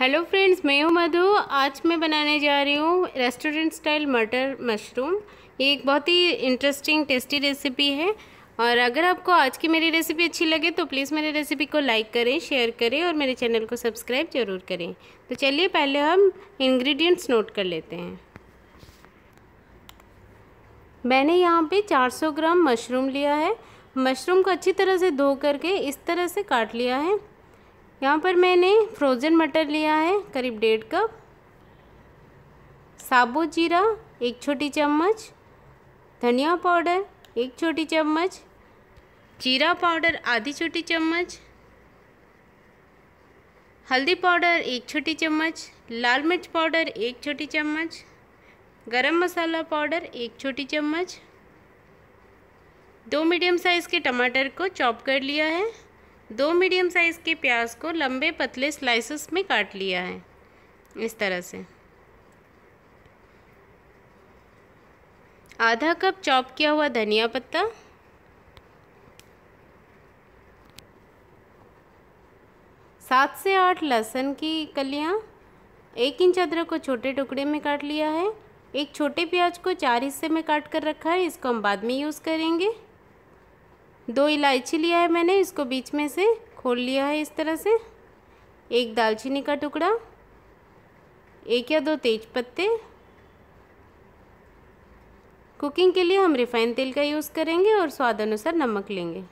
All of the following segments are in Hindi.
हेलो फ्रेंड्स मैं हूँ मधु आज मैं बनाने जा रही हूँ रेस्टोरेंट स्टाइल मटर मशरूम ये एक बहुत ही इंटरेस्टिंग टेस्टी रेसिपी है और अगर आपको आज की मेरी रेसिपी अच्छी लगे तो प्लीज़ मेरी रेसिपी को लाइक करें शेयर करें और मेरे चैनल को सब्सक्राइब ज़रूर करें तो चलिए पहले हम इन्ग्रीडियंट्स नोट कर लेते हैं मैंने यहाँ पर चार ग्राम मशरूम लिया है मशरूम को अच्छी तरह से धो करके इस तरह से काट लिया है यहाँ पर मैंने फ्रोज़न मटर लिया है करीब डेढ़ कप साबुत जीरा एक छोटी चम्मच धनिया पाउडर एक छोटी चम्मच जीरा पाउडर आधी छोटी चम्मच हल्दी पाउडर एक छोटी चम्मच लाल मिर्च पाउडर एक छोटी चम्मच गरम मसाला पाउडर एक छोटी चम्मच दो मीडियम साइज़ के टमाटर को चॉप कर लिया है दो मीडियम साइज़ के प्याज को लंबे पतले स्लाइसेस में काट लिया है इस तरह से आधा कप चॉप किया हुआ धनिया पत्ता सात से आठ लहसुन की कलियाँ एक इंच अदरक को छोटे टुकड़े में काट लिया है एक छोटे प्याज को चार हिस्से में काट कर रखा है इसको हम बाद में यूज़ करेंगे दो इलायची लिया है मैंने इसको बीच में से खोल लिया है इस तरह से एक दालचीनी का टुकड़ा एक या दो तेज पत्ते कुकिंग के लिए हम रिफाइन तेल का यूज़ करेंगे और स्वाद अनुसार नमक लेंगे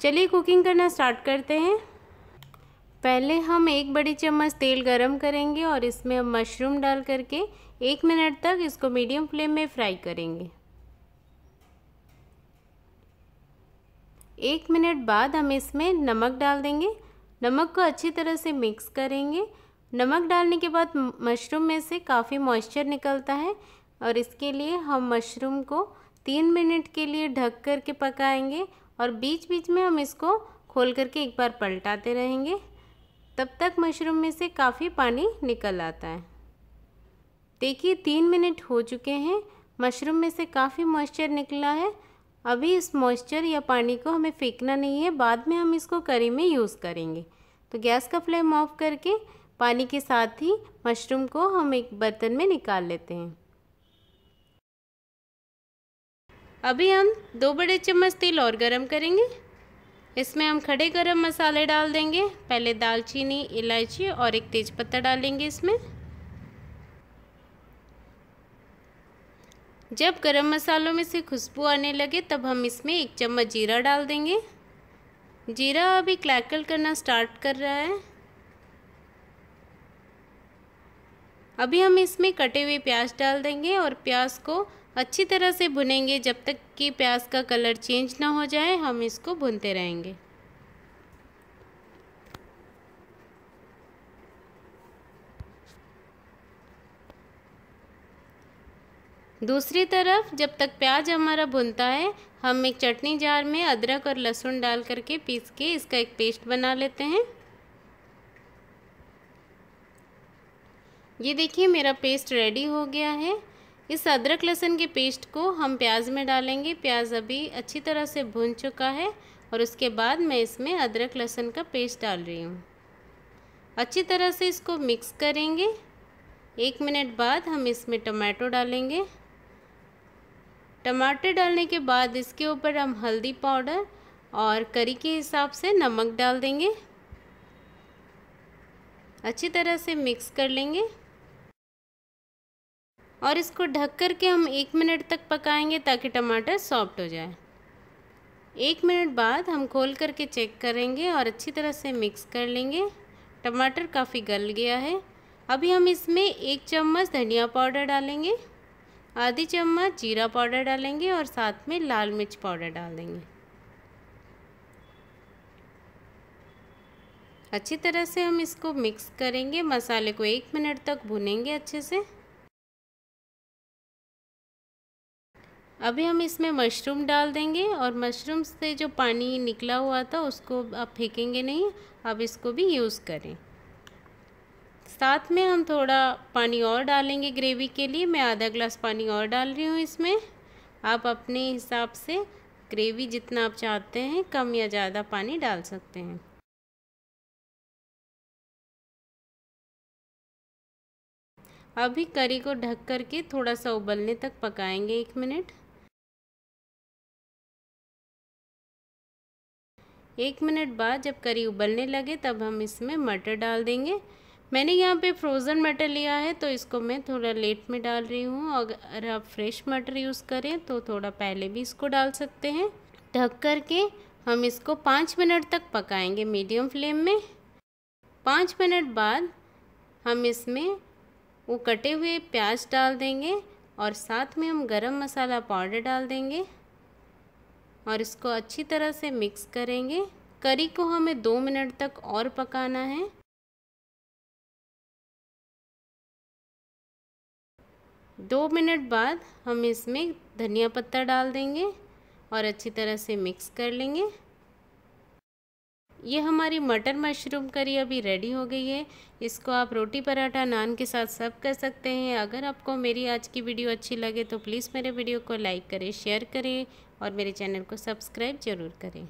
चलिए कुकिंग करना स्टार्ट करते हैं पहले हम एक बड़ी चम्मच तेल गरम करेंगे और इसमें हम मशरूम डाल करके एक मिनट तक इसको मीडियम फ्लेम में फ्राई करेंगे एक मिनट बाद हम इसमें नमक डाल देंगे नमक को अच्छी तरह से मिक्स करेंगे नमक डालने के बाद मशरूम में से काफ़ी मॉइस्चर निकलता है और इसके लिए हम मशरूम को तीन मिनट के लिए ढक कर के पकाएंगे और बीच बीच में हम इसको खोल करके एक बार पलटाते रहेंगे तब तक मशरूम में से काफ़ी पानी निकल आता है देखिए तीन मिनट हो चुके हैं मशरूम में से काफ़ी मॉइस्चर निकला है अभी इस मॉइस्चर या पानी को हमें फेंकना नहीं है बाद में हम इसको करी में यूज़ करेंगे तो गैस का फ्लेम ऑफ करके पानी के साथ ही मशरूम को हम एक बर्तन में निकाल लेते हैं अभी हम दो बड़े चम्मच तेल और गरम करेंगे इसमें हम खड़े गरम मसाले डाल देंगे पहले दालचीनी इलायची और एक तेज़पत्ता डालेंगे इसमें जब गरम मसालों में से खुशबू आने लगे तब हम इसमें एक चम्मच जीरा डाल देंगे जीरा अभी क्लैकल करना स्टार्ट कर रहा है अभी हम इसमें कटे हुए प्याज डाल देंगे और प्याज को अच्छी तरह से भुनेंगे जब तक कि प्याज का कलर चेंज ना हो जाए हम इसको भुनते रहेंगे दूसरी तरफ जब तक प्याज हमारा भुनता है हम एक चटनी जार में अदरक और लहसुन डाल करके पीस के इसका एक पेस्ट बना लेते हैं ये देखिए मेरा पेस्ट रेडी हो गया है इस अदरक लहसुन के पेस्ट को हम प्याज में डालेंगे प्याज अभी अच्छी तरह से भुन चुका है और उसके बाद मैं इसमें अदरक लहसुन का पेस्ट डाल रही हूँ अच्छी तरह से इसको मिक्स करेंगे एक मिनट बाद हम इसमें टमाटो डालेंगे टमाटर डालने के बाद इसके ऊपर हम हल्दी पाउडर और करी के हिसाब से नमक डाल देंगे अच्छी तरह से मिक्स कर लेंगे और इसको ढक कर के हम एक मिनट तक पकाएंगे ताकि टमाटर सॉफ्ट हो जाए एक मिनट बाद हम खोल करके चेक करेंगे और अच्छी तरह से मिक्स कर लेंगे टमाटर काफ़ी गल गया है अभी हम इसमें एक चम्मच धनिया पाउडर डालेंगे आधी चम्मच जीरा पाउडर डालेंगे और साथ में लाल मिर्च पाउडर डाल देंगे अच्छी तरह से हम इसको मिक्स करेंगे मसाले को एक मिनट तक भुनेंगे अच्छे से अभी हम इसमें मशरूम डाल देंगे और मशरूम से जो पानी निकला हुआ था उसको आप फेंकेंगे नहीं अब इसको भी यूज़ करें साथ में हम थोड़ा पानी और डालेंगे ग्रेवी के लिए मैं आधा ग्लास पानी और डाल रही हूँ इसमें आप अपने हिसाब से ग्रेवी जितना आप चाहते हैं कम या ज़्यादा पानी डाल सकते हैं अभी करी को ढक कर के थोड़ा सा उबलने तक पकाएंगे एक मिनट एक मिनट बाद जब करी उबलने लगे तब हम इसमें मटर डाल देंगे मैंने यहाँ पे फ्रोज़न मटर लिया है तो इसको मैं थोड़ा लेट में डाल रही हूँ अगर आप फ्रेश मटर यूज़ करें तो थोड़ा पहले भी इसको डाल सकते हैं ढक कर के हम इसको पाँच मिनट तक पकाएंगे मीडियम फ्लेम में पाँच मिनट बाद हम इसमें वो कटे हुए प्याज डाल देंगे और साथ में हम गरम मसाला पाउडर डाल देंगे और इसको अच्छी तरह से मिक्स करेंगे करी को हमें दो मिनट तक और पकाना है दो मिनट बाद हम इसमें धनिया पत्ता डाल देंगे और अच्छी तरह से मिक्स कर लेंगे ये हमारी मटर मशरूम करी अभी रेडी हो गई है इसको आप रोटी पराठा नान के साथ सर्व कर सकते हैं अगर आपको मेरी आज की वीडियो अच्छी लगे तो प्लीज़ मेरे वीडियो को लाइक करें शेयर करें और मेरे चैनल को सब्सक्राइब ज़रूर करें